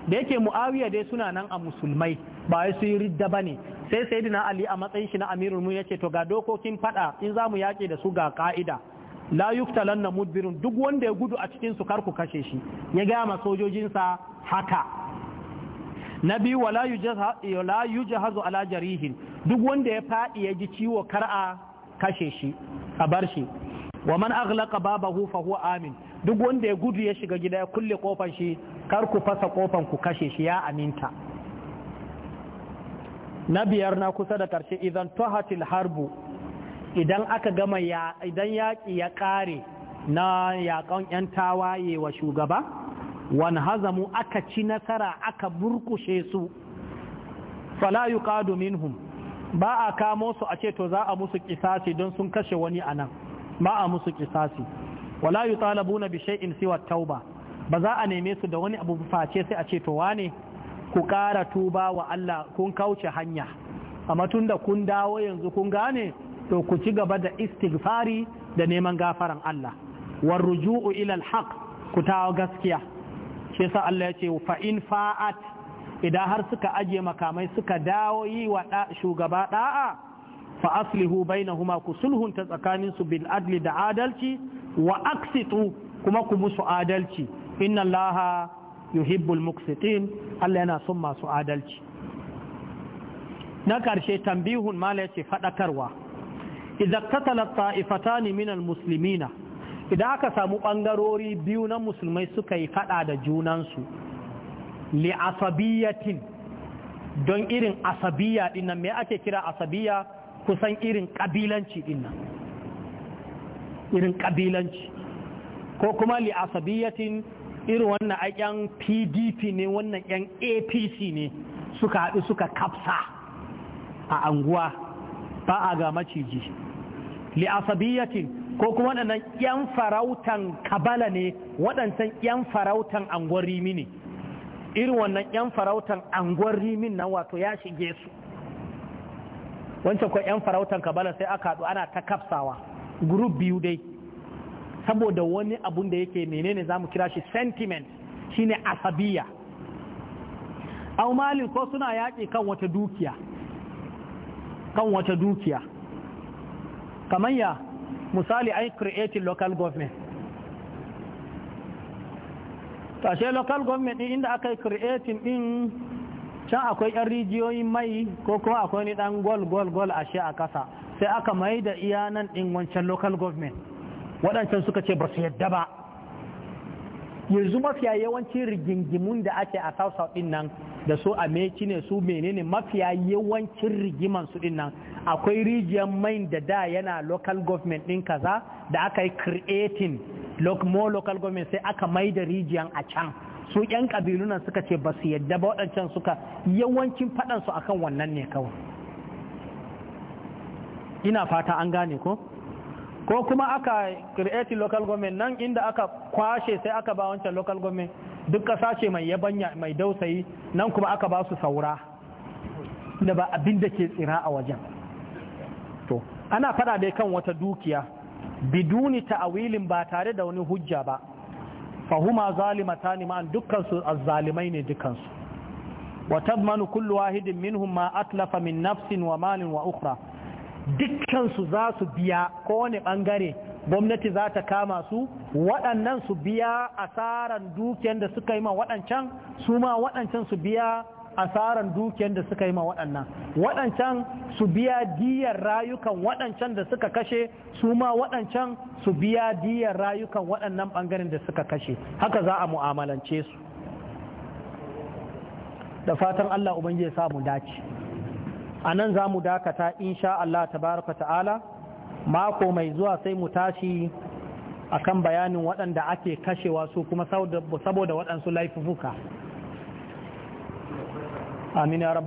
da yake muawiya dai suna nan a musulmai ba wai su yi ridda bane sai sayyidina ali a matsayin shi na amirul mu yace to ga dokokin fada in zamu yake da su ga ka'ida la yuktalan na mudbirin duk wanda ya gudu a cikinsu kar ku kashe shi ya gama sojojinsa haka na biyu wala jahazu ala jarihin duk wanda ya faɗi ya ji ciwo kar a kashe shi a bar shi wa man aghlaqa babahu fa huwa amin duk wanda ya gudu ya shiga gida ya kulle kofar shi kar ku fasa kofan ku kashe shi ya aminta na biyar na kusa da karshe idan tuhatil harbu idan aka gama idan yaƙi ya ƙare na yaƙon 'yan tawaye wa shugaba wani hazamu aka ci nasara aka burkushe su fala yuqadu minhum ba a kamo su a ce to za a musu ƙisasi don sun kashe wani a nan ba a musu ƙisasi wala na bishai in siwa tauba ba za a neme su da wani abu face sai a ce to wane ku ƙara tuba wa Allah kun kauce hanya amma da kun dawo yanzu kun gane to ku ci gaba da istighfari da neman gafaran Allah war ruju'u ila al-haq ku tawo gaskiya shi yasa Allah ya ce fa in fa'at idan har suka aje makamai suka dawo yi wa shugaba da'a fa aslihu bainahuma ku sulhunta tsakanin su bil adli da adalci wa aksitu kuma ku musu adalci inna allaha yuhibbul muqsitin Allah yana son masu adalci na karshe tambihun mala ce fadakarwa idza qatala ta'ifatan min almuslimina idan aka samu bangarori biyu na musulmai suka yi fada da junansu li asabiyatin don irin asabiya nan me ake kira asabiya kusan irin kabilanci nan irin kabilanci ko kuma li asabiyatin irin wannan yan pdp ne wannan yan apc ne suka haɗu suka kapsa a anguwa ba a ga maciji li'asabiyatin ko kuma waɗannan 'yan farautan kabala ne waɗancan 'yan farautan anguwar rimi ne irin wannan 'yan farautan anguwar rimin nan wato ya shige su wancan ko 'yan farautan kabala sai aka haɗu ana ta kafsawa group biyu dai saboda wani abun da yake menene zamu kira shi sentiment shine asabiya au malin ko suna yaki kan wata dukiya kan wata dukiya kamar ya misali ai creating local government tashe local government din inda aka yi creating din can akwai yan rijiyoyin mai ko kuma akwai ni dan gol gol gol ashe a kasa sai aka mai da iyanan nan din wancan local government waɗancan suka ce ba su yadda ba yanzu mafiya yawancin rigingimun da ake a south south din nan da su ameci ne su menene mafiya yawancin rigiman su dinnan akwai region main da da yana local government din kaza da aka yi creating more local government sai aka mai da rijiyan a can su yan kabilunan nan suka ce ba su yadda ba waɗancan suka yawancin su akan wannan ne kawai ina fata an gane ko ko kuma aka creating local government nan inda aka kwashe sai aka ba wancan local government duk ƙasa ce mai yabanya mai dausayi nan kuma aka ba su saura da ba abin da ke tsira a wajen to ana fada dai kan wata dukiya biduni ta'awilin ba tare da wani hujja ba fahuma zalimata ne ma'an dukkansu azzalimai ne dukkansu wa tadmanu kullu wahidin minhum ma atlafa min nafsin wa malin wa ukhra dukkansu za su biya ko kowane bangare gwamnati za ta kama su waɗannan su biya asaran dukiyar da suka yi ma waɗancan su ma waɗancan su biya asaran dukiyar da suka yi ma waɗannan waɗancan su biya diyar rayukan waɗancan da suka kashe su ma waɗancan su biya diyar rayukan waɗannan ɓangaren da suka kashe haka za a mu'amalance su da fatan Allah ubangiji ya sa mu dace a nan za mu dakata insha Allah tabaraka ta'ala mako mai zuwa sai mu tashi akan bayanin waɗanda ake kashewa su kuma saboda waɗansu laifuka amin